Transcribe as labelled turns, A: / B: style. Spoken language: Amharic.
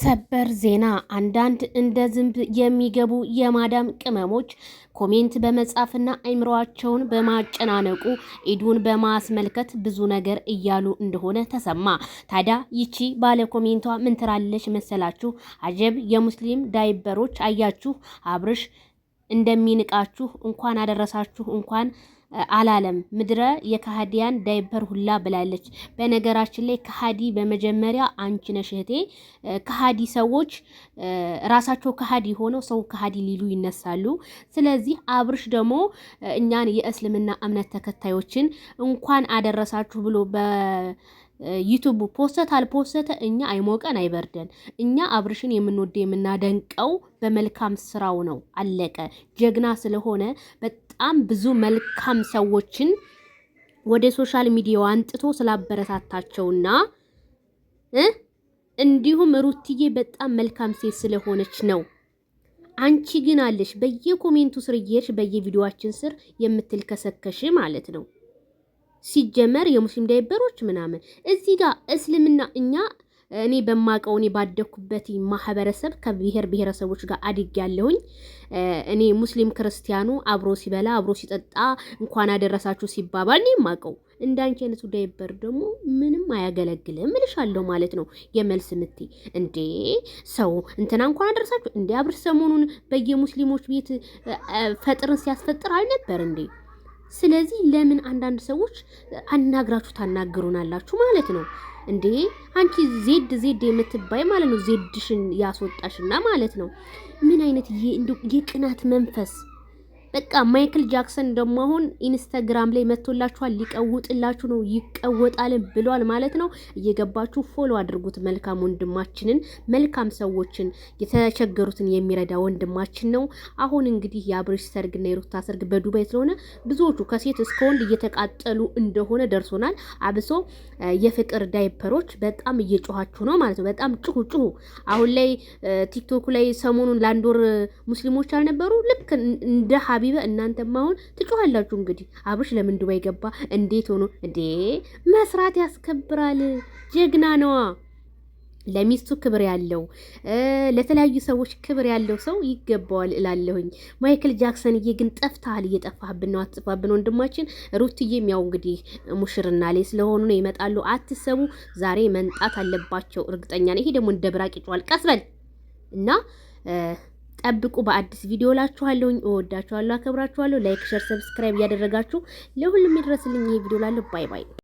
A: ሰበር ዜና አንዳንድ እንደ ዝንብ የሚገቡ የማዳም ቅመሞች ኮሜንት በመጻፍና አይምሯቸውን በማጨናነቁ ኢዱን በማስመልከት ብዙ ነገር እያሉ እንደሆነ ተሰማ። ታዲያ ይቺ ባለ ኮሜንቷ ምን ትላለች መሰላችሁ? አጀብ የሙስሊም ዳይበሮች አያችሁ አብርሽ እንደሚንቃችሁ እንኳን አደረሳችሁ እንኳን አላለም። ምድረ የካሃዲያን ዳይፐር ሁላ ብላለች። በነገራችን ላይ ካሃዲ በመጀመሪያ አንቺ ነሽ እህቴ። ሰዎች ራሳቸው ካሃዲ ሆነው ሰው ካሃዲ ሊሉ ይነሳሉ። ስለዚህ አብርሽ ደግሞ እኛን የእስልምና እምነት ተከታዮችን እንኳን አደረሳችሁ ብሎ ዩቱብ ፖስተት አልፖሰተ እኛ አይሞቀን አይበርደን። እኛ አብርሽን የምንወደ የምናደንቀው በመልካም ስራው ነው። አለቀ። ጀግና ስለሆነ በጣም ብዙ መልካም ሰዎችን ወደ ሶሻል ሚዲያው አንጥቶ ስላበረታታቸውና እንዲሁም ሩትዬ በጣም መልካም ሴት ስለሆነች ነው። አንቺ ግን አለሽ በየኮሜንቱ ስር እየሄድሽ ስር የምትልከሰከሽ ማለት ነው። ሲጀመር የሙስሊም ዳይበሮች ምናምን እዚህ ጋር እስልምና እኛ እኔ በማቀው እኔ ባደኩበት ማህበረሰብ ከብሔር ብሔረሰቦች ጋር አድግ ያለሁኝ እኔ ሙስሊም ክርስቲያኑ አብሮ ሲበላ አብሮ ሲጠጣ እንኳን አደረሳችሁ ሲባባል እኔ ማቀው። እንዳንቺ አይነቱ ዳይበር ደግሞ ምንም አያገለግልም እልሻለሁ ማለት ነው። የመልስ ምት እንዴ ሰው እንትና እንኳን አደረሳችሁ እንዴ አብር ሰሞኑን በየሙስሊሞች ቤት ፈጥርን ሲያስፈጥር አልነበር እንዴ? ስለዚህ ለምን አንዳንድ ሰዎች አናግራችሁ ታናግሩናላችሁ ማለት ነው እንዴ? አንቺ ዜድ ዜድ የምትባይ ማለት ነው ዜድሽን ያስወጣሽና ማለት ነው። ምን አይነት የቅናት መንፈስ በቃ ማይክል ጃክሰን ደግሞ አሁን ኢንስታግራም ላይ መጥቶላችኋል። ሊቀውጥላችሁ ነው ይቀወጣልን ብሏል ማለት ነው። እየገባችሁ ፎሎ አድርጉት። መልካም ወንድማችንን፣ መልካም ሰዎችን፣ የተቸገሩትን የሚረዳ ወንድማችን ነው። አሁን እንግዲህ የአብርሽ ሰርግና የሩታ ሰርግ በዱባይ ስለሆነ ብዙዎቹ ከሴት እስከ ወንድ እየተቃጠሉ እንደሆነ ደርሶናል። አብሶ የፍቅር ዳይፐሮች በጣም እየጮኋችሁ ነው ማለት ነው። በጣም ጩሁ ጩሁ። አሁን ላይ ቲክቶክ ላይ ሰሞኑን ለአንድ ወር ሙስሊሞች አልነበሩ ልክ እንደ ሀቢ ሀቢበ እናንተም አሁን ትጮኋላችሁ። እንግዲህ አብርሽ ለምን ዱባይ ገባ? እንዴት ሆኖ እንዴ? መስራት ያስከብራል። ጀግና ነዋ። ለሚስቱ ክብር ያለው ለተለያዩ ሰዎች ክብር ያለው ሰው ይገባዋል እላለሁኝ። ማይክል ጃክሰንዬ ግን ጠፍተሃል። እየጠፋህብን ነው። አትጥፋብን ወንድማችን። ሩትዬም ያው እንግዲህ ሙሽርና ላይ ስለሆኑ ነው ይመጣሉ። አትሰቡ። ዛሬ መንጣት አለባቸው እርግጠኛ ነኝ። ይሄ ደግሞ እንደ ብራቅ ይጮሃል። ቀስበል እና ጠብቁ። በአዲስ ቪዲዮ ላችኋለሁኝ። እወዳችኋለሁ፣ አከብራችኋለሁ። ላይክ፣ ሸር፣ ሰብስክራይብ እያደረጋችሁ ለሁሉም ይድረስልኝ ይሄ ቪዲዮ ላለሁ። ባይ ባይ